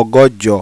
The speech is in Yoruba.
ọgọ́jọ